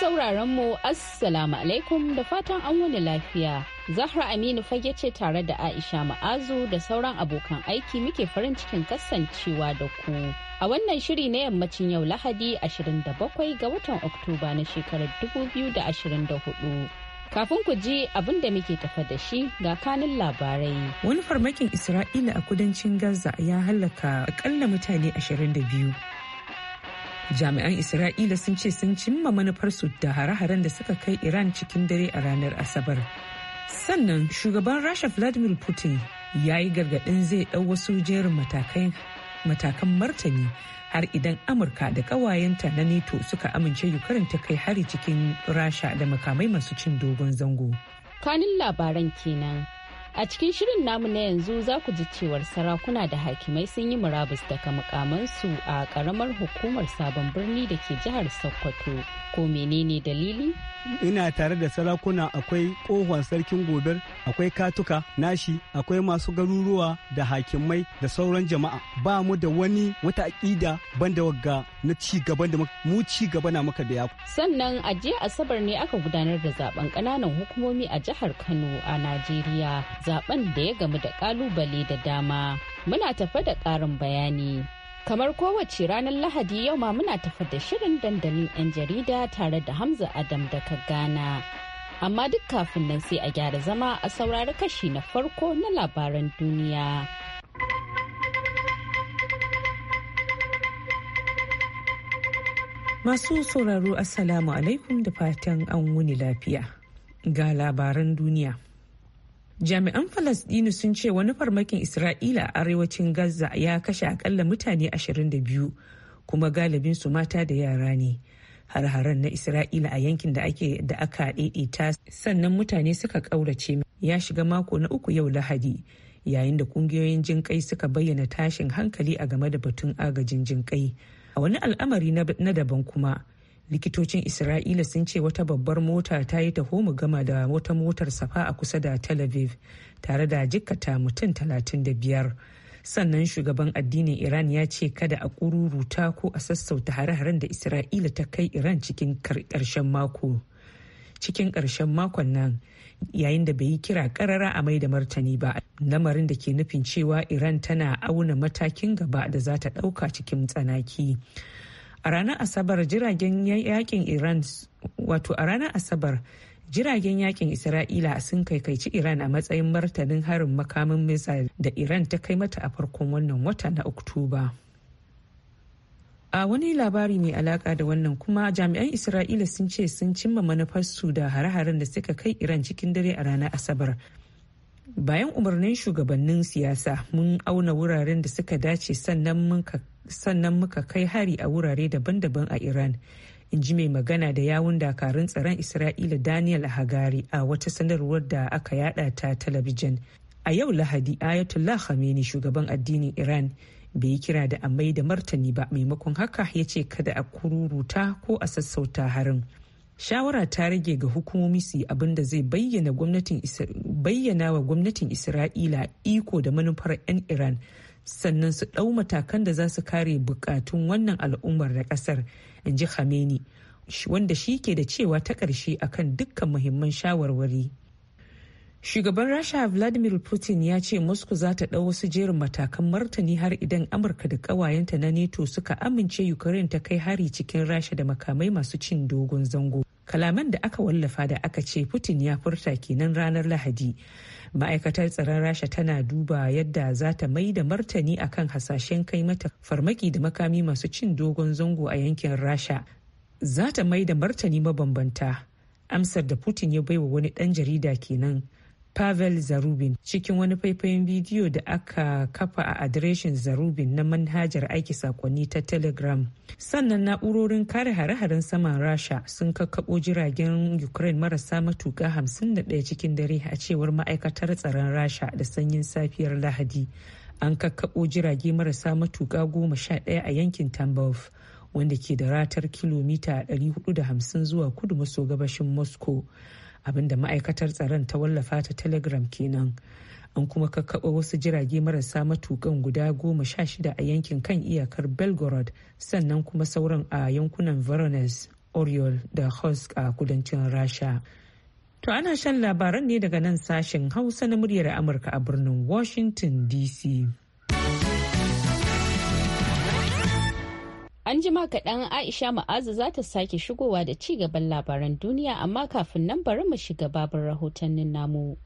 sauraron mu Assalamu alaikum da fatan an wani lafiya. Zahra Aminu fage ce tare da Aisha Ma'azu da sauran abokan aiki muke farin cikin kasancewa da ku. A wannan shiri na yammacin yau Lahadi 27 ga watan Oktoba na shekarar 2024. Kafin ku ji abin da muke tafa da shi ga kanin labarai. Wani farmakin Isra'ila a kudancin Gaza ya halaka akalla mutane 22. jami'an isra'ila sun ce sun cimma manufarsu da hare-haren da suka kai iran cikin dare a ranar asabar sannan shugaban rasha vladimir putin ya yi gargaɗin zai ɗau wasu jerin matakan martani har idan amurka da ƙawayenta na nato suka amince ukraine ta kai hari cikin rasha da makamai masu cin dogon zango kanin labaran kenan A cikin shirin namu na yanzu za ku ji cewar sarakuna da hakimai sun yi murabus daga mukamansu a karamar hukumar sabon birni da ke jihar Sokoto. Ko menene dalili? Ina tare da sarakuna akwai kohon sarkin gobe akwai katuka, nashi, akwai masu garuruwa da hakimai da sauran jama'a. Ba mu da wani wata aƙida banda wagga na ci gaban da mu ci gaba na muka da Sannan a jiya Asabar ne aka gudanar da zaben ƙananan hukumomi a jihar Kano a Najeriya. zaben da ya gamu da kalubale da dama muna tafe da karin bayani kamar kowace ranar lahadi yau ma muna tafe da shirin dandalin 'yan jarida tare da hamza adam da ka gana amma duk kafin nan sai a gyara zama a saurari kashi na farko na labaran duniya masu sauraro assalamu alaikum da fatan an wuni lafiya ga labaran duniya jami'an falasdini sun ce wani farmakin isra'ila a arewacin gaza ya kashe akalla mutane 22 kuma galibin su mata da yara ne har-haren na isra'ila a yankin da ake da aka daidaita sannan mutane suka ƙaurace ya shiga mako na uku yau lahadi yayin da kungiyoyin jinƙai suka bayyana tashin hankali a game da batun agajin jinƙai a wani al'amari na daban kuma likitocin isra'ila sun ce wata babbar mota ta yi taho mu gama da wata motar safa a kusa da tel aviv tare da jikata mutum 35 sannan shugaban addinin iran ya ce kada a kururuta ko a sassauta hare-haren da isra'ila ta kai iran cikin karshen mako cikin karshen makon nan yayin da bai yi kira karara a mai da martani ba lamarin da ke nufin cewa iran tana auna matakin gaba da za ta ɗauka cikin tsanaki a ranar asabar jiragen yakin iran wato a ranar asabar jiragen yakin isra'ila sun kaikaici iran a matsayin martanin harin makamin misali da iran ta kai mata a farkon wannan wata na oktoba a wani labari mai alaka da wannan kuma jami'an isra'ila sun ce sun cimma manufarsu da hare-haren da suka kai iran cikin dare a ranar asabar bayan umarnin shugabannin siyasa mun auna wuraren da suka dace sannan mun sannan muka kai hari a wurare daban-daban a iran in ji mai magana da yawun dakarun tsaron isra'ila daniel hagari a wata sanarwar da aka yada ta talabijin a yau lahadi ayatollah khamenei shugaban addinin iran bai kira da amai da martani ba maimakon haka ya ce kada a kururuta ko a sassauta harin shawara ta rage ga hukumomi su yi abin da zai bayyana wa gwamnatin isra'ila iko da manufar 'yan iran sannan su ɗau matakan da za su kare bukatun wannan al'ummar da ƙasar in ji khameni wanda shi ke da cewa ta ƙarshe akan dukkan muhimman shawarwari. Shugaban Rasha Vladimir Putin ya ce Moscow za ta ɗau wasu jerin matakan martani har idan Amurka da ƙawayenta na neto suka amince Ukraine ta kai hari cikin Rasha da makamai masu cin dogon zango. Kalaman da aka wallafa da aka ce Putin ya furta kenan ranar Lahadi ma'aikatar tsaron rasha tana duba yadda za ta mai da martani akan hasashen kai mata farmaki da makami masu cin dogon zango a yankin rasha za ta mai da martani mabambanta amsar da putin ya baiwa wani dan jarida kenan Pavel Zarubin cikin wani faifayen bidiyo da aka kafa a adireshin Zarubin na manhajar aiki sakonni ta Telegram. Sannan na'urorin kare hare-haren saman Rasha sun kakkaɓo jiragen Ukraine marasa matuƙa 51 cikin dare a cewar ma'aikatar tsaron Rasha da sanyin safiyar Lahadi. An kakkaɓo jirage marasa matuƙa goma sha ɗaya a yankin Tambov. wanda ke da ratar kilomita 450 zuwa kudu maso gabashin Moscow. abinda ma'aikatar tsaron ta wallafa ta telegram kenan an kuma kakkaɓa wasu jirage marasa matukan guda goma sha shida a yankin kan iyakar belgorod sannan kuma sauran a yankunan varones oriol da hosk a kudancin rasha to ana shan labaran ne daga nan sashen hausa na muryar amurka a birnin washington dc An jima kaɗan Aisha Ma'azu za ta sake shigowa da ci gaban labaran duniya amma kafin nan bari mu shiga babin rahotannin namu.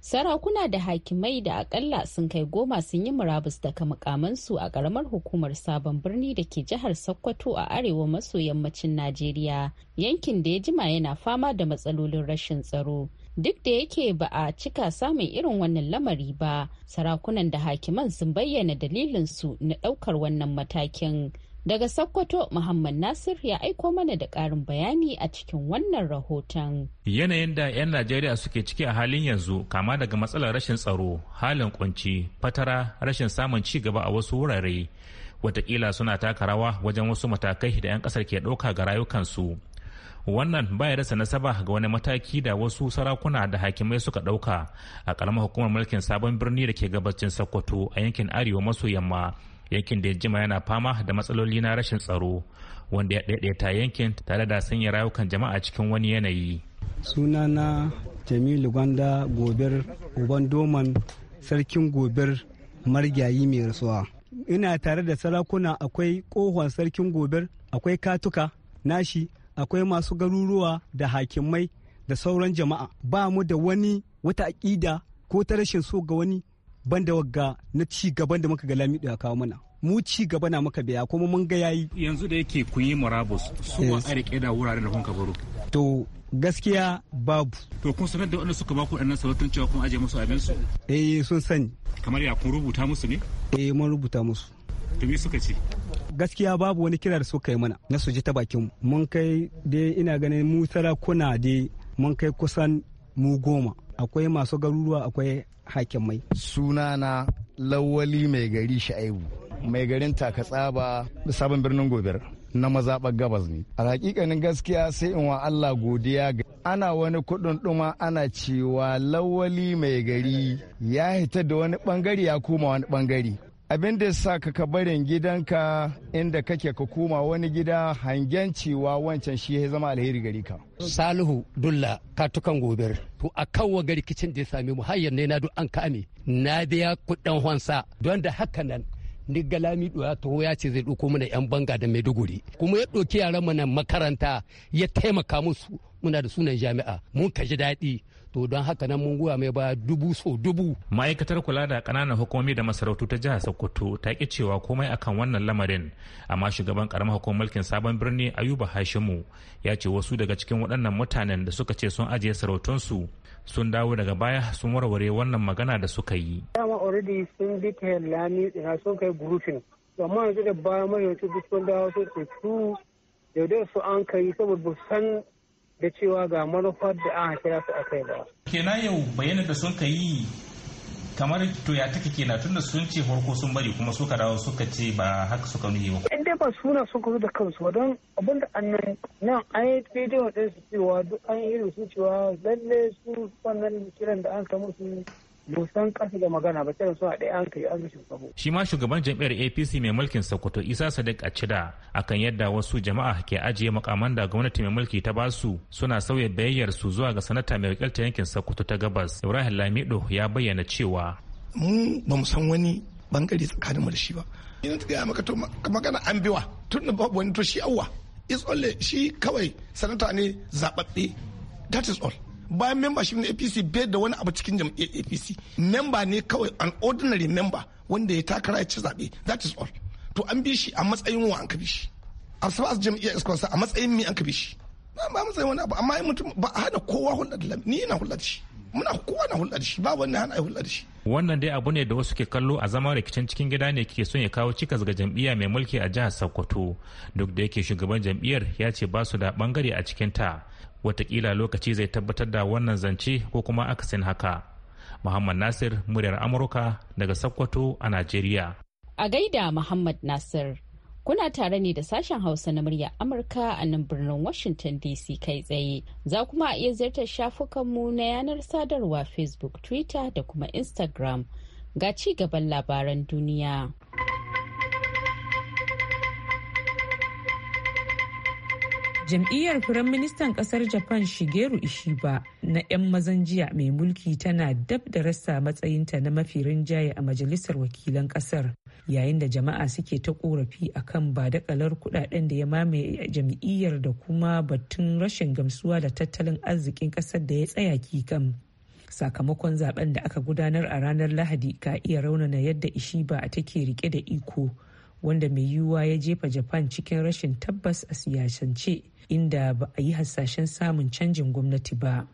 Sarakuna da hakimai da akalla sun kai goma sun yi murabus daga mukamansu a ƙaramar hukumar sabon birni da ke jihar Sokoto a arewa maso yammacin Najeriya yankin da ya jima yana fama da matsalolin rashin tsaro. duk da yake ba a cika samun irin wannan lamari ba sarakunan da hakiman sun bayyana dalilinsu na ɗaukar wannan matakin Daga Sokoto Muhammad Nasir ya aiko mana da ƙarin bayani a cikin wannan rahoton. Yanayin da 'yan Najeriya suke ciki a halin yanzu kama daga matsalar rashin tsaro, halin kunci, fatara, rashin samun ci gaba a wasu wurare. wataƙila suna taka rawa wajen wasu matakai da 'yan ƙasar ke ɗauka ga rayukansu. Wannan baya rasa nasaba ga wani mataki da wasu sarakuna da hakimai suka ɗauka a ƙaramar hukumar mulkin sabon birni da ke gabacin Sokoto a yankin arewa maso yamma. yankin da ya jima yana fama da matsaloli na rashin tsaro wanda ya daidaita yankin tare da sanya rayukan jama'a cikin wani yanayi sunana jamilu gwanda gobir uban doman sarkin gobir margayi mai rasuwa ina tare da sarakuna akwai kohon sarkin gobir akwai katuka nashi akwai masu garuruwa da hakimai da sauran jama'a ba mu da wani wata aƙida ko ta rashin so ga wani banda wagga na ci gaban da muka ga lamido ya kawo mana mu ci gaba na muka biya kuma mun ga yayi yanzu da yake kun yi murabus su ba a rike da wuraren da kun ka baro to gaskiya babu to kun sanar da wanda suka baku annan sabatun cewa kun aje musu abin su eh sun sani kamar ya kun rubuta musu ne eh mun rubuta musu to me suka ce gaskiya babu wani kira da suka yi mana na su ji ta bakin mun kai dai ina ganin mu sarakuna dai mun kai kusan mu goma akwai masu garuruwa akwai mai suna na Lawali mai gari Sha'ibu, mai garin taka Takatsaba sabon birnin Gobir na mazaɓar gabas ne. A hakikanin gaskiya sai in wa Allah godiya ga ana wani kudin ɗuma ana cewa lawali mai gari ya hita da wani bangare ya koma wani bangare abin da sa ka ka barin gidanka inda kake ka koma wani gida hangen cewa wancan shi ya zama alheri gari ka salihu dulla katukan gobir to a kawo rikicin da ya sami mu har ne na duk an kame na biya kuɗin hansa don da haka nan ni galami doya taho ya ce zai ɗauko mana 'yan banga da maiduguri kuma ya ɗauki yaran mu nan makaranta ya taimaka musu muna da sunan jami'a mun ka daɗi to don haka nan mun goya mai baya dubu so dubu. ma'aikatar kula da ƙananan hukumomi da masarautu ta jihar sokoto ta ki cewa komai akan wannan lamarin amma shugaban karamar hukumar mulkin sabon birni ayuba hashimu ya ce wasu daga cikin waɗannan mutanen da suka ce sun ajiye sarautunsu sun dawo daga baya sun warware wannan magana da suka yi. dama already sun bi ta lami ina sun kai grouping amma yanzu da baya mai yanzu duk sun dawo sun ce su yaudai su an kai saboda san da cewa ga manufar da aka kira su a kai ba. kenan yau bayanin da sun ka yi kamar to ya take kenan tunda sun ce farko sun bari kuma suka dawo suka ce ba haka suka nuhi ba. in dai ba suna sun kusa da kansu ba don abin da annan nan an yi bidiyo ɗin su cewa duk an yi irin su cewa lalle su wannan kiran da an samu su busan kasa da magana ba so su haɗe an kai an sabo. Shi ma shugaban jam'iyyar APC mai mulkin Sokoto Isa Sadiq Acida akan yadda wasu jama'a ke ajiye makaman da gwamnati mai mulki ta basu suna sauya bayyar su zuwa ga sanata mai wakilta yankin Sokoto ta Gabas. Ibrahim Lamido ya bayyana cewa mu ba mu san wani bangare tsakanin mu da shi ba. Ina ta gaya maka to magana an biwa tun da babu wani to shi awwa. It's only shi kawai sanata ne zaɓaɓɓe. That is all. bayan membership na apc bai da wani abu cikin jam'iyyar apc memba ne kawai an ordinary member wanda ya takara ya ci zaɓe that is all to an bi shi a matsayin wa an kabi shi a sabas jam'iyyar iskonsa a matsayin mi an kabi shi ba ba matsayin wani abu amma mutum ba a hana kowa hulɗa da ni yana hulɗa da shi muna kowa na hulɗa da shi ba wani hana hulɗa da shi wannan dai abu ne da wasu ke kallo a zama rikicin cikin gida ne ke son ya kawo cikas ga jam'iyya mai mulki a jihar sokoto duk da yake shugaban jam'iyyar ya ce ba su da bangare a cikin ta watakila lokaci zai tabbatar da wannan zance ko kuma akasin haka muhammad nasir muryar amurka daga sokoto a najeriya a gaida muhammad nasir kuna tare ne da sashen hausa na muryar amurka a nan birnin washington dc kai tsaye za kuma a iya ziyartar shafukanmu na yanar sadarwa facebook twitter da kuma instagram ga ci gaban labaran duniya jam'iyyar firaministan kasar japan shigeru ishiba na 'yan mazan jiya mai mulki tana dab da rasa matsayinta na mafi rinjaye a majalisar wakilan kasar yayin da jama'a suke ta korafi akan ba kalar kudaden da ya mamaye jam'iyyar da kuma batun rashin gamsuwa da tattalin arzikin kasar da ya tsaya kikam sakamakon zaben da aka gudanar a ranar lahadi ka iya raunana yadda ishiba take rike da iko wanda mai yiwuwa ya jefa japan cikin rashin tabbas a siyasance inda ba a yi hasashen samun canjin gwamnati ba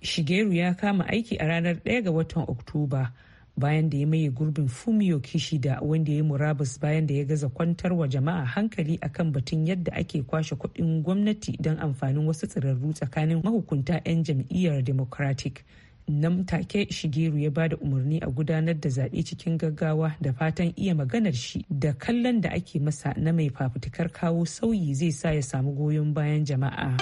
shigeru ya kama aiki a ranar 1 ga watan oktoba bayan da ya maye gurbin fumio kishida wanda ya yi murabus bayan da ya gaza kwantar wa jama'a hankali akan batun yadda ake kwashe kuɗin gwamnati don amfanin wasu tsirarru tsakanin mahukunta 'yan jam'iyyar democratic nan take shigeru ya bada umarni a gudanar da zaɓe cikin gaggawa da fatan iya maganar shi da kallon da ake masa na mai fafutukar kawo sauyi zai sa ya samu goyon bayan jama'a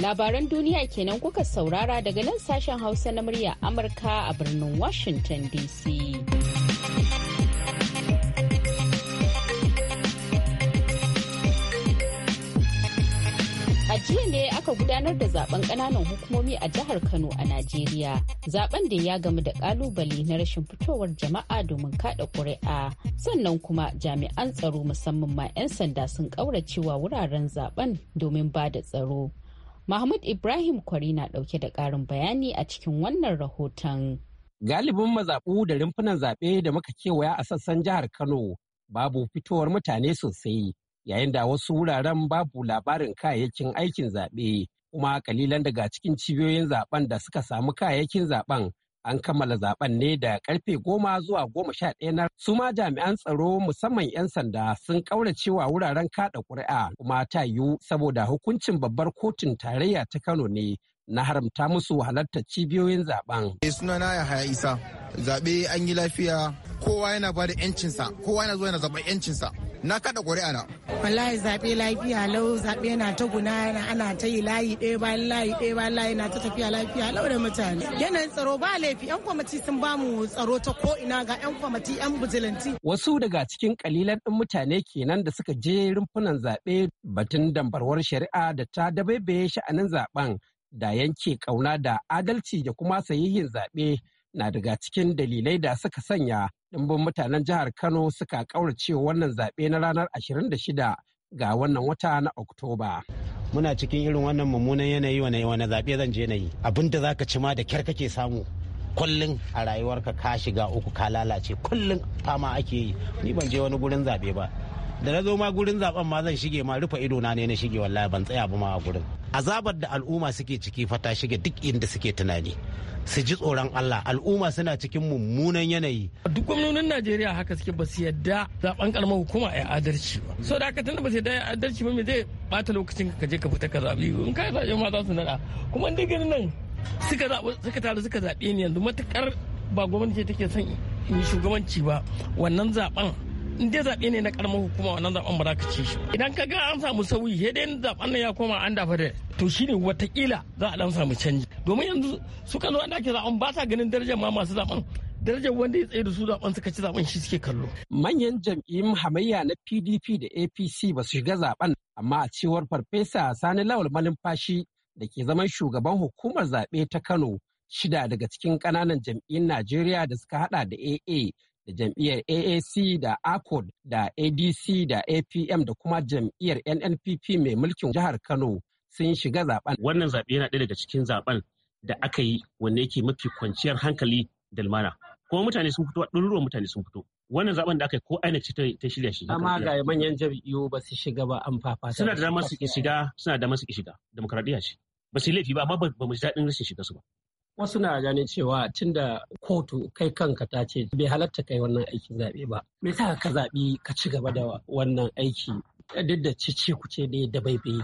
labaran duniya kenan kuka saurara daga nan sashen hausa na murya amurka a birnin washington dc jiya ne aka gudanar da zaben kananan hukumomi a jihar kano a najeriya zaben da ya gamu da kalubale na rashin fitowar jama'a domin kada ƙuri'a sannan kuma jami'an tsaro musamman ma 'yan sanda sun kauracewa wuraren zaben domin ba da tsaro mahmud ibrahim kwari na ɗauke da ƙarin bayani a cikin wannan rahoton galibin mazaɓu da rumfunan zaɓe da muka kewaya a sassan jihar kano babu fitowar mutane sosai yayin da wasu wuraren babu labarin kayayyakin aikin zaɓe kuma kalilan daga cikin cibiyoyin zaben da suka samu kayayyakin zaben an kammala zaben ne da karfe goma zuwa goma sha ɗaya na su ma jami'an tsaro musamman 'yan sanda sun kauracewa wuraren kaɗa ƙuri'a kuma ta yiwu saboda hukuncin babbar kotun tarayya ta kano ne na haramta musu halartar cibiyoyin zaben. Eh, sunana ya haya isa zaɓe an yi lafiya kowa yana ba da yancinsa kowa yana zuwa yana zaɓar yancinsa na kada ƙuri'a na. wallahi zaɓe lafiya lau zaɓe na ta guna yana ana ta yi layi ɗaya bayan layi ɗaya bayan layi na ta tafiya lafiya lau da mutane yanayin tsaro ba laifi yan kwamiti sun ba mu tsaro ta ko ina ga yan kwamiti yan bujilanti. wasu daga cikin kalilan ɗin mutane kenan da suka je rumfunan zaɓe batun dambarwar shari'a da ta dabaibaye sha'anin zaɓen da yanke kauna da adalci da kuma sayayyen zaɓe na daga cikin dalilai da suka sanya ɗimbin mutanen jihar Kano suka ƙaurace wannan zaɓe na ranar 26 ga wannan wata na Oktoba. Muna cikin irin wannan mummunan yanayi wane wane zaɓe zan je na yi. Abin da za ka ci ma da kyar kake samu. Kullum a rayuwarka ka shiga uku ka lalace kullum fama ake yi. Ni ban je wani gurin zaɓe ba. da na zo ma gurin zaben ma zan shige ma rufe ido na ne na shige wallahi ban tsaya ba ma a gurin azabar da al'umma suke ciki fata shige duk inda suke tunani su ji tsoron Allah al'umma suna cikin mummunan yanayi duk gwamnonin Najeriya haka suke ba su yadda zaben karamar hukuma ya adalci ba so da haka tunda ba su yadda ya adalci ba me zai bata lokacin ka je ka fita ka zabi in ka zabe ma za su nada kuma inda ganin nan suka zaɓi suka tare suka zaɓe ni yanzu matukar ba gwamnati take son in shugabanci ba wannan zaben in dai zaɓe ne na karamar hukuma wannan zaɓen ba za ka ci shi idan ka ga an samu sauyi sai dai zaɓen nan ya koma an dafa da to shine watakila za a dan samu canji domin yanzu su kan zo an ake zaɓen ba sa ganin darajar ma masu zaɓen darajar wanda ya tsaye da su zaɓen suka ci zaɓen shi suke kallo. Manyan jam'iyyun hamayya na PDP da APC ba su shiga zaɓen amma a cewar Farfesa Sani Lawal Malumfashi da ke zaman shugaban hukumar zaɓe ta Kano shida daga cikin ƙananan jam'iyyun Najeriya da suka haɗa da AA da jam'iyyar AAC da ACOD da ADC da APM da kuma jam'iyyar NNPP mai mulkin jihar Kano sun shiga zaben. Wannan zaɓe yana ɗaya daga cikin zaben da aka yi wanda yake mafi kwanciyar hankali da lumana. Kuma mutane sun fito, ɗaruruwan mutane sun fito. Wannan zaben da aka yi ko aina e ce ta shirya shi. Amma ga manyan jam'iyyu ba su shiga ba an fafa Suna da damar su shiga, suna da damar su shiga. Demokradiyya ce. Ba su laifi ba amma ba mu ji daɗin rashin shiga su ba. wasu na ganin cewa tun da kotu kai kanka ta ce bai halatta kai wannan aikin zaɓe ba me sa ka zaɓi ka ci gaba da wannan aiki duk da cece kuce ne da bai bai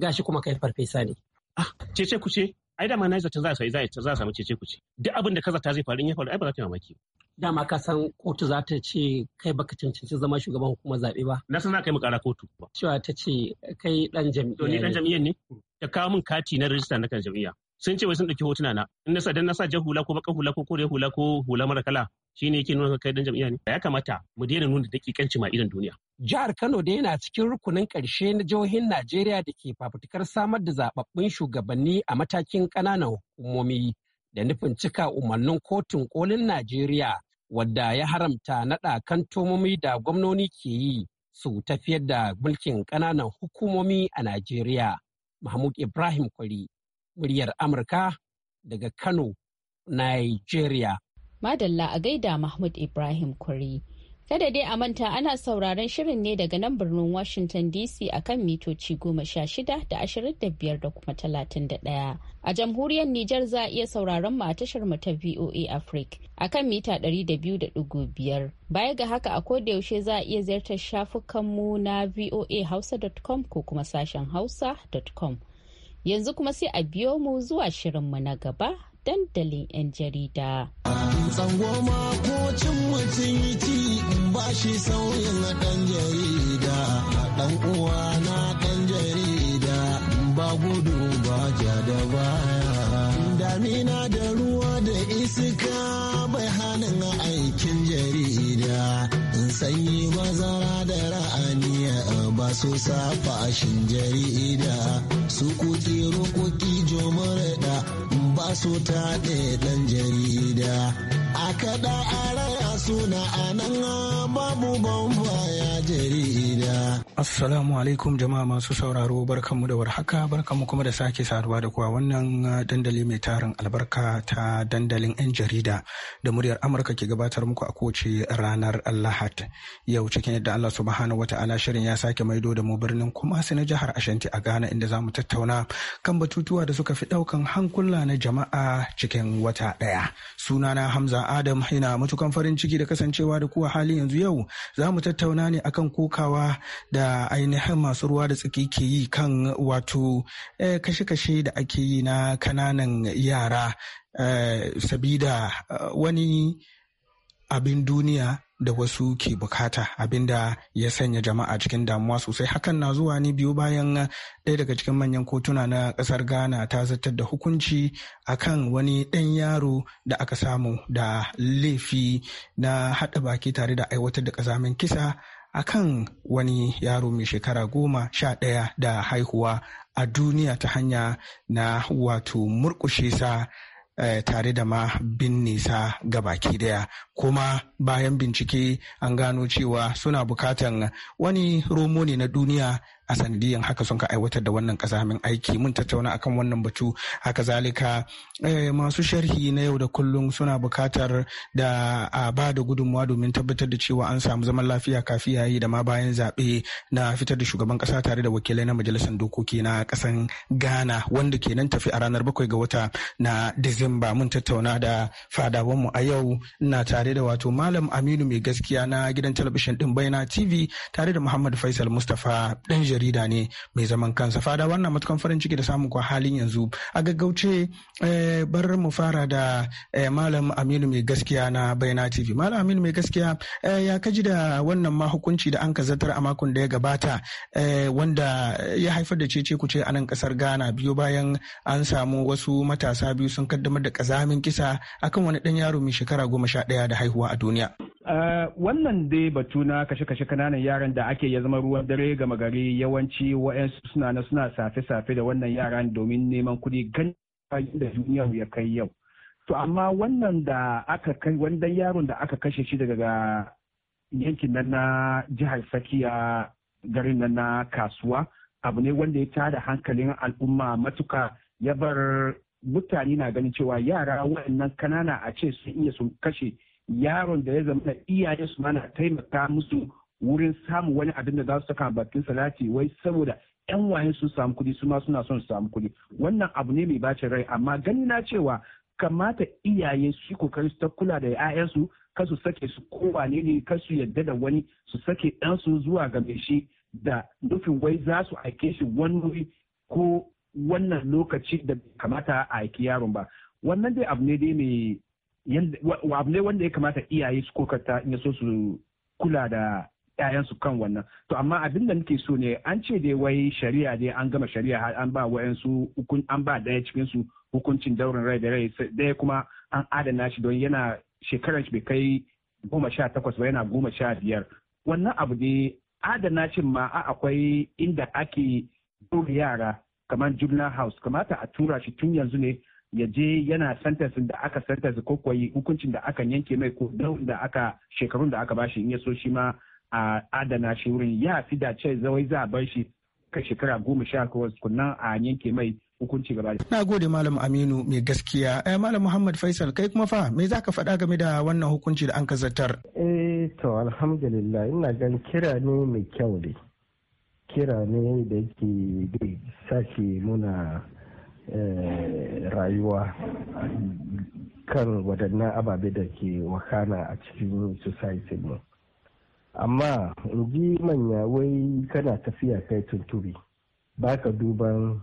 gashi kuma kai farfesa ne ah cece kuce ai dama na zaton za a za a samu cece kuce duk abin da ka zata zai faru in ya faru ai ba za ta mamaki dama ka san kotu za ta ce kai baka cancanci zama shugaban hukumar zaɓe ba na san za ka yi makara kotu cewa ta ce kai dan jam'iyya ne ni dan jam'iyyar ne ta kawo min kati na rajista na kan jam'iyya sun ce wai sun ɗauki hotuna na in na sa dan na sa jan hula ko bakan hula ko kore hula ko hula mara kala shine yake nuna kai dan jam'iyya ne ya kamata mu daina nuna dakikanci ma idan duniya jihar Kano da yana cikin rukunin ƙarshe na jihohin Najeriya da ke fafutukar samar da zababbun shugabanni a matakin ƙananan hukumomi da nufin cika umarnin kotun kolin Najeriya wadda ya haramta naɗa tomomi da gwamnoni ke yi su tafiyar da mulkin ƙananan hukumomi a Najeriya. Mahmud Ibrahim Kwari muryar Amurka daga Kano, Nigeria. Madalla a gaida Mahmud Ibrahim Kuri. Kada dai a manta ana sauraron shirin ne daga nan birnin Washington DC a kan mitoci goma sha shida da ashirin da biyar da kuma talatin da ɗaya. A jamhuriyar Nijar za a iya sauraron mu a tashar mu ta VOA Africa a kan mita ɗari da biyu da ɗigo biyar. Baya ga haka a koda yaushe za a iya ziyartar shafukanmu na voahausa.com ko kuma sashen hausa.com. Yanzu kuma sai a biyo mu zuwa shirinmu na gaba dandalin 'yan jarida. Tsango makocin mutum yi in ba shi sauyin ɗan jarida, ɗan uwana ɗan jarida, ba gudu ba ja da baya. Damina da ruwa da iska bai hannun aikin jarida. sanyi mazara da ra'aniya ba su safa shin jarida su kuki rukuki jomar da ba su taɗe ɗan jarida a kada a raya suna a nan babu bamba ya jarida. Assalamu alaikum jama'a masu sauraro barkanmu da warhaka barkanmu kuma da sake saduwa da kuwa wannan dandali mai tarin albarka ta dandalin 'yan jarida da muryar Amurka ke gabatar muku a kowace ranar Lahad. Yau cikin yadda Allah subhanahu wata'ala shirin ya sake maido da mu birnin kuma na jihar Ashanti a Ghana inda zamu tattauna kan batutuwa da suka fi daukan hankula na jama'a cikin wata ɗaya. Sunana Hamza Hamza Adam yana matukan farin ciki da kasancewa da kuwa hali yanzu yau za mu tattauna ne akan kokawa da ainihin masu ruwa da tsaki ke yi kan wato eh, kashe-kashe da ake yi na kananan yara eh, sabida eh, wani abin duniya da wasu ke bukata abinda ya sanya jama'a cikin damuwa sosai hakan na zuwa ne biyu bayan ɗaya daga cikin manyan kotuna na ƙasar ghana ta zartar da hukunci akan wani ɗan yaro da aka samu da laifi na haɗa baki tare da aiwatar da ƙazamin kisa akan wani yaro mai shekara goma sha ɗaya da haihuwa a duniya ta hanya na wato murƙushe sa Eh, tare da ma bin nisa baki daya kuma bayan bincike an gano cewa suna bukatan wani romo ne na duniya a sandiyan haka sun ka aiwatar da wannan min aiki mun tattauna akan wannan batu haka zalika eh, masu sharhi na yau da kullum suna bukatar da a ba da gudunmawa domin tabbatar da cewa an samu zaman lafiya kafi yayi da ma bayan zaɓe na fitar da shugaban ƙasa tare da wakilai na majalisar dokoki na ƙasan ghana wanda kenan tafi a ranar bakwai ga wata na disamba mun tattauna da fadawanmu a yau na tare da wato malam aminu mai gaskiya na gidan talabijin ɗin baina tv tare da muhammad faisal mustapha ɗan jarida ne mai zaman kansa fada wannan matukan farin ciki da samun kwa halin yanzu a gaggauce eh, bar mu fara da eh, malam aminu mai gaskiya na bayana tv malam aminu mai gaskiya eh, ya kaji da wannan ma hukunci da an ka zartar a makon da ya gabata wanda ya haifar da cece kuce a nan kasar ghana biyu bayan an samu wasu matasa biyu sun kaddamar da kazamin kisa akan wani dan yaro mai shekara goma sha daya da haihuwa a duniya wannan dai batu na kashe-kashe kananan yaran da ake ya zama ruwan dare gama gari ya yawanci wa'yansu suna na suna safe-safe da wannan yaran domin neman kuɗi gan da duniyar ya kai yau to amma wannan da aka kai wannan yaron da aka kashe shi daga yankin nan na jihar sakiya garin nan na kasuwa abu ne wanda ya tada hankalin al'umma matuka ya bar mutane na ganin cewa yara waɗannan kanana a ce sun iya sun kashe yaron da ya zama iyaye su mana taimaka musu wurin samun wani abin da za su saka bakin salati wai saboda yan waye su samu kuɗi su ma suna son su samu kuɗi wannan abu ne mai bacin rai amma gani na cewa kamata iyaye su kokari su ta kula da 'ya'yansu kar su sake su kowane ne kar su yadda da wani su sake ɗansu zuwa ga shi da nufin wai za su aike shi wani wuri ko wannan lokaci da kamata a aiki yaron ba wannan dai abu ne dai mai abu ne wanda ya kamata iyaye su kokarta in so su kula da 'ya'yansu kan wannan to amma abin da nake so ne an ce dai wai shari'a dai an gama shari'a an ba wa'yansu an ba daya cikin su hukuncin daurin rai da rai daya kuma an adana shi don yana shekarar shi bai kai goma sha takwas ba yana goma sha biyar wannan abu ne adana shi ma a akwai inda ake dole yara kamar juna house kamata a tura shi tun yanzu ne ya je yana sentencing da aka sentence ko hukuncin da aka yanke mai ko daurin da aka shekarun da aka bashi in ya so shi ma a adana shi wurin ya fi da ce zawai za a bar shi kai shekara goma sha kawai kunnan a yanke mai hukunci gaba da. Na gode Malam Aminu mai gaskiya. Eh, Malam Muhammad Faisal kai kuma fa me zaka faɗa game da wannan hukunci da an ka zartar? Eh to alhamdulillah ina gan kira ne mai kyau ne. Kira ne da yake da sashi muna eh, rayuwa kan waɗannan ababe da ke wakana a cikin society mu. amma rugi manya wai kana tafiya kai tuntubi ba ka duban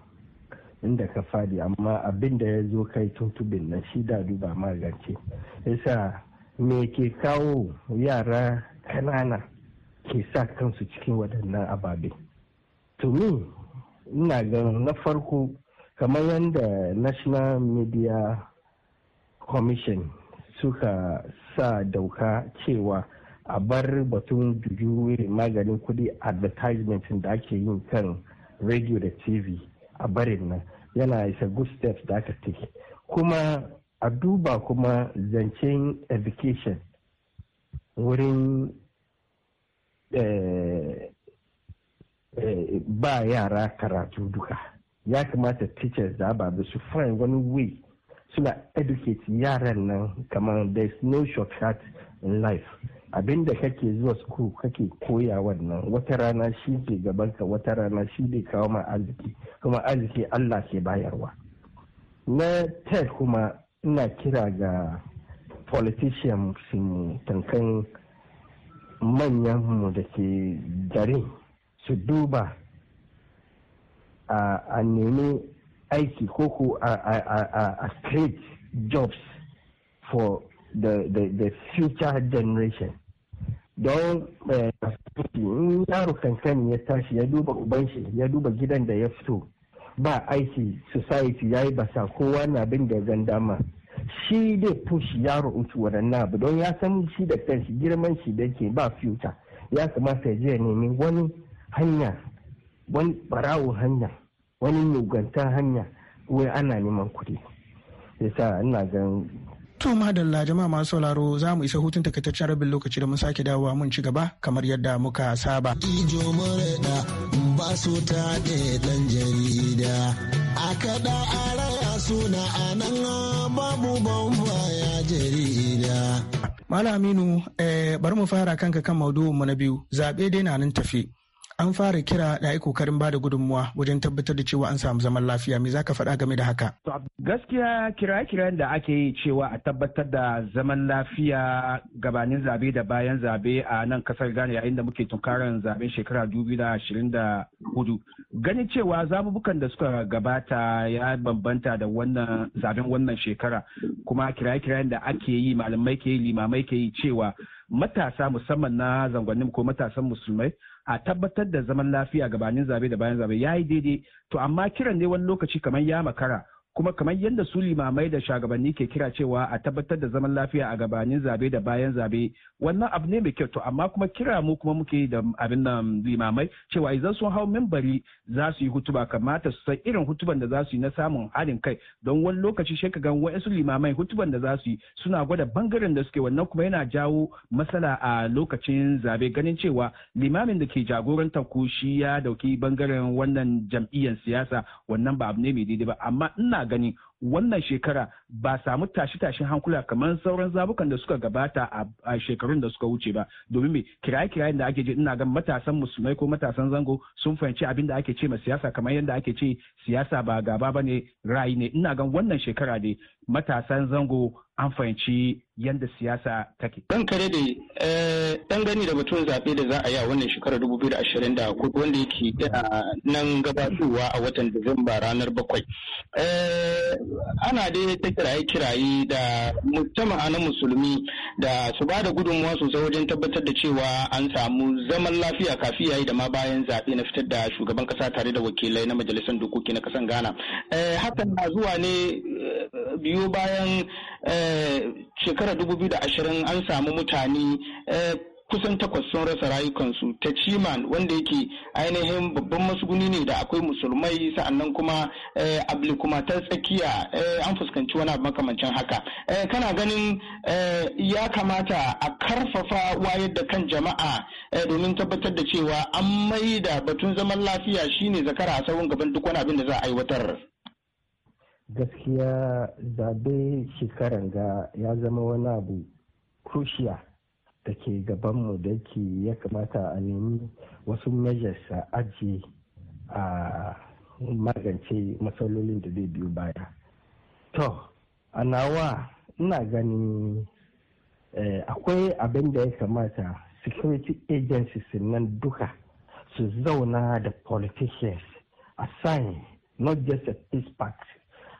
inda ka fadi amma abin da ya zo kai tuntubin na shi da duba magance yasa me ke kawo yara kanana ke sa kansu cikin waɗannan ababe tumi ina ga na farko kamar yadda national media commission suka sa dauka cewa a bar batun juju maganin kudi advertisement da ake yin kan radio da tv a barin nan yana isa good steps da aka take kuma a duba kuma zancen education wurin eh, eh, ba yara karatu duka ya kamata teachers da ababe su find wani way suna educate yaran nan kamar there is no shortcut in life abin da kake zuwa suku kake koya wannan wata rana shi ke gabanka wata rana shi ne kawo ma arziki kuma arziki allah ke bayarwa na ta kuma ina kira ga politician mu tankan manyanmu da ke garin su duba a nemi aiki ko a create jobs for the, the, the future generation don eh, in yaro ya tashi ya duba uban ya duba gidan da ya fito ba aiki society ya yi basa kowa na bin da gan dama shi dai push yaro into waɗannan abu don ya san shi da kanshi girman shi da ke ba future ya kamata ya je ya nemi wani hanya wani barawo hanya wani nuganta hanya wai ana neman kuɗi sa ina gan To madalla jama'a masu sauraro za mu isa hutun takaitaccen rabin lokaci da mun sake dawowa mun ci gaba kamar yadda muka saba. Ijo murɗa ba su ta ɗan jarida. A kaɗa a raya suna a nan babu ya jarida. Malam Aminu eh, bari mu fara kanka kan mu na biyu zaɓe dai na nan tafi. an fara kira da yi kokarin bada gudunmuwa wajen tabbatar da cewa an samu zaman lafiya me zaka faɗa game da haka gaskiya kira-kiran da ake yi cewa a tabbatar da zaman lafiya gabanin zabe da bayan zabe a nan kasar Ghana yayin da muke tunkarar zaben shekara 2024 ganin cewa zabubukan da suka gabata ya bambanta da wannan zaben wannan shekara kuma kira-kiran da ake yi malamai ke yi limamai ke yi cewa matasa musamman na zangonnin ko matasan musulmai a tabbatar da zaman lafiya gabanin zabe da bayan zabe yi daidai to amma kiran ne wani lokaci kamar ya makara kuma kamar yadda su limamai da shagabanni ke kira cewa a tabbatar da zaman lafiya a gabanin zabe da bayan zabe wannan abu ne mai kyau to amma kuma kira mu kuma muke da abin nan limamai cewa idan sun hau membari za su yi hutuba kamata su san irin hutuban da za su yi na samun halin kai don wani lokaci shi ka gan wa'ansu limamai hutuban da za su yi suna gwada bangaren da suke wannan kuma yana jawo matsala a lokacin zabe ganin cewa limamin da ke jagorantar ku shi ya dauki bangaren wannan jam'iyyar siyasa wannan ba abu ne mai daidai ba amma ina gani wannan shekara ba samu tashi-tashin hankula kamar sauran zabukan da suka gabata a shekarun da suka wuce ba domin me kiraye-kirayen da ake ji ina ga matasan musulmai ko matasan zango sun fahimci abin da ake ce ma siyasa kamar yadda ake ce siyasa ba gaba ba ne ra'ayi ne ina ga wannan shekara ne matasan zango an fahimci yadda siyasa take. Ɗan kare da ɗan eh, gani da batun zaɓe da za a yi a wannan shekarar 2024 wanda yake eh, nan gabatowa a watan Disamba ranar bakwai. Eh, ana dai ta kiraye-kiraye da mutumin na musulmi da su ba da gudunmuwa sosai wajen tabbatar da cewa an samu zaman lafiya kafin yayi da ma bayan zaɓe na fitar da shugaban ƙasa tare da wakilai na majalisar dokoki na ƙasar ghana eh, hakan na zuwa ne eh, biyo bayan eh, shekarar 2020 an samu mutane kusan takwas sun rasa rayukansu ta ciman wanda yake ainihin babban masuguni ne da akwai musulmai sa'annan kuma eh, abli kuma ta tsakiya eh, an fuskanci wani makamancin haka eh, kana ganin ya kamata a karfafa wayar da kan jama'a domin tabbatar da cewa an mai da batun zaman lafiya shine zakara a sauran gaban duk wani abin da za a aiwatar gaskiya zabe shekaran ga ya zama wani abu crucial da ke gabanmu da ke ya kamata a nemi wasu measures a ajiye a magance matsalolin da zai biyu baya to a nawa ina ganin eh, akwai abin da ya kamata security agencies nan duka su zauna da politicians a sign not just a peace pact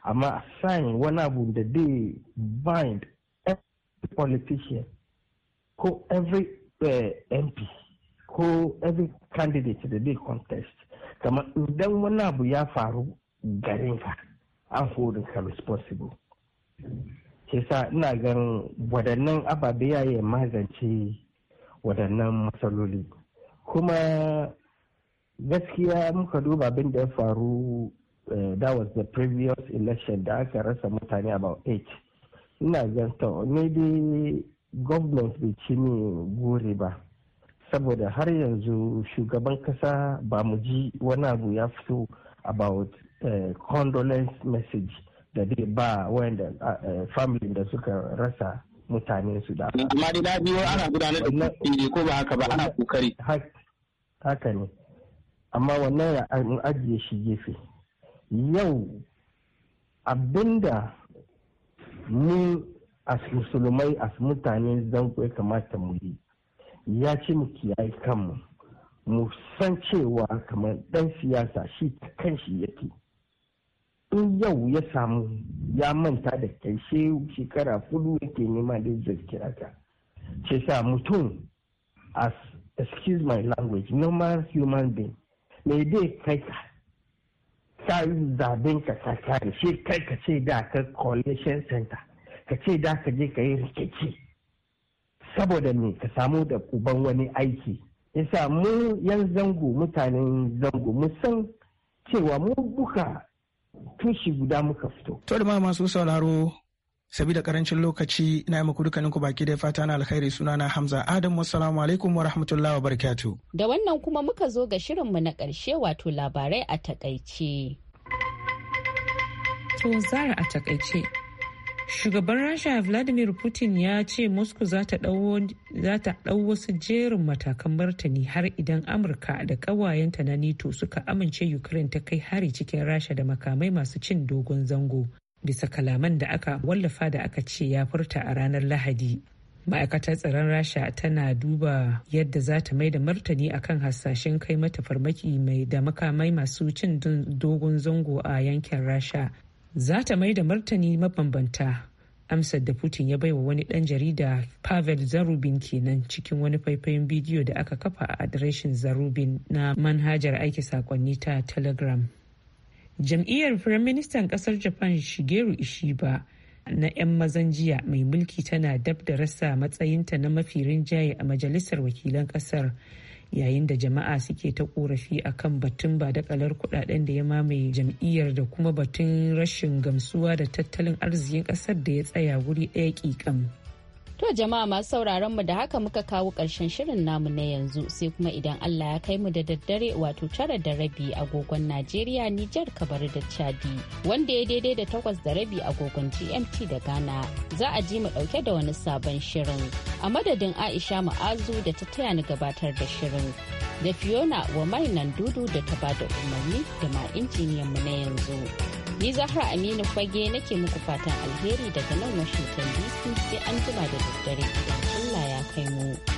amma a sign wani abu da dai bind every politician ko every uh, eh, mp ko every candidate da dey contest Kama idan wani abu ya faru garin ka an horin ka responsible ke sa ina gan wadannan ababe ya yi magance wadannan matsaloli kuma gaskiya muka duba abin da ya faru Uh, that was the previous election da aka rasa mutane about eight ina zanta ne dai gwamnati bai ci ne gore ba saboda har yanzu shugaban kasa ba mu ji wani abu ya fito about uh, condolence message da dai ba wanda uh, eh, family da suka rasa mutane su da amma dai na biyo ana gudanar da kuɗi ko ba haka ba ana kokari haka ne amma wannan ya ajiye shi gefe yau abinda ni as musulmai as mutane zango ya kamata mu yi ya ce mu kiyaye kanmu mu san cewa kamar dan siyasa shi ta kan shi yake in yau ya samu ya manta da karshe shekara kudu yake nema da jirgin ka ce sa mutum as excuse my language normal human being mai dai kai ka sa zaben ka ka kare shi kai ka ce da ka collation center ka ce da ka je ka yi rikici saboda ne ka samu da uban wani aiki yasa mu yan zango mutanen zango mu san cewa mu buka tushi guda muka fito to da masu sauraro sabida karancin lokaci na yi muku ku baki da fata na alkhairi sunana hamza adam wassalamu alaikum wa rahmatullahi wa barakatu da wannan kuma muka zo ga shirin mu na karshe wato labarai a takaice to zara a takaice shugaban rasha vladimir putin ya ce moscow za ta ɗau wasu jerin matakan martani har idan amurka da ƙawayenta na nato suka amince ukraine ta kai hari cikin rasha da makamai masu cin dogon zango bisa kalaman da aka wallafa da aka ce ya furta a ranar lahadi ma'aikatar tsaron rasha tana duba yadda za ta mai da martani akan hasashen kai mata farmaki mai da makamai masu cin dogon zango a yankin rasha za ta mai da martani mabambanta amsar da putin ya baiwa wani dan jarida pavel zarubin kenan cikin wani faifayin bidiyo da aka kafa a adireshin zarubin na manhajar aiki sakonni ta telegram jam'iyyar firaministan kasar japan shigeru ishiba na 'yan mazan jiya mai mulki tana dab da rasa matsayinta na mafi rinjaye a majalisar wakilan kasar yayin da jama'a suke ta korafi kan batun ba da kudaden da ya mamaye jam'iyyar da kuma batun rashin gamsuwa da tattalin arzikin kasar da ya tsaya wuri ɗaya ƙiƙam. To jama'a masu sauraron mu da haka muka kawo ƙarshen shirin namu na yanzu sai kuma idan Allah ya kai mu da daddare wato tara da rabi agogon Najeriya Nijar kabar da Chadi wanda ya daidai da takwas da rabi agogon GMT da Ghana za a ji mu ɗauke da wani sabon shirin a madadin Aisha Ma'azu da ta taya ni gabatar da shirin da Fiona wa mainan dudu da ta bada umarni da ma injiniyan mu na yanzu. Ni Zahra Aminu Fage nake muku fatan alheri daga nan Washington DC sai an jima da daddare idan Allah ya kai mu.